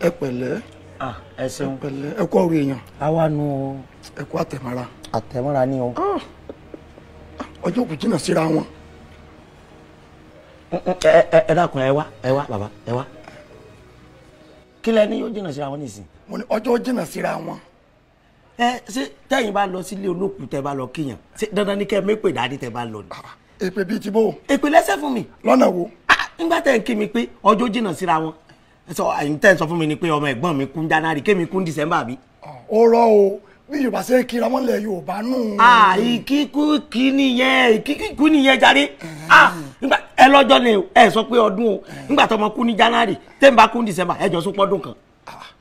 ẹ pẹ̀lẹ́ ẹ ṣeun ẹ pẹ̀lẹ́ ẹ kọ́ orí èèyàn. àwa nu ẹ kọ́ àtẹ̀mọ́ra. àtẹ̀mọ́ra ni o. Ah. ọjọ́ kò jìnnà síra wọn. Mm, mm, ẹ ẹ dákun ẹ wá ẹ wá bàbá ẹ wá kí lẹ ní yóò jìnnà síra wọn nísìnyí. mo ní ọjọ́ jìnnà síra wọn. ẹ ṣé tẹ́yìn bá lọ sílé olókùn tẹ́ bá lọ kíyàn ṣé dandan ni kẹ́ ẹ mẹ́pẹ̀ dáadé tẹ́ bá lọ ni. Ah, èpè bíi ti bó. èpè lẹ́sẹ̀ fún mi. lọ́nà wo nígbà tẹ̀ ń kí mi pé ọjọ́ jìnnà síra wọn sọ àyìn tẹ̀ ń sọ fún mi ni pé ọmọ ẹ̀gbọ́n mi kú January kémi kú December bí. ó rọ o bí yorùbá ṣe kí ra mọ́lẹ̀ yorùbá nù. ìkíkú kí nìyẹn ìkíkú nìyẹn jáde ẹ lọ́jọ́ ni ẹ sọ pé ọdún o nígbà tó ọmọ kú ní January tẹ́ǹbà kú ní December ẹ jọ sún pọ́dún kan. Ah.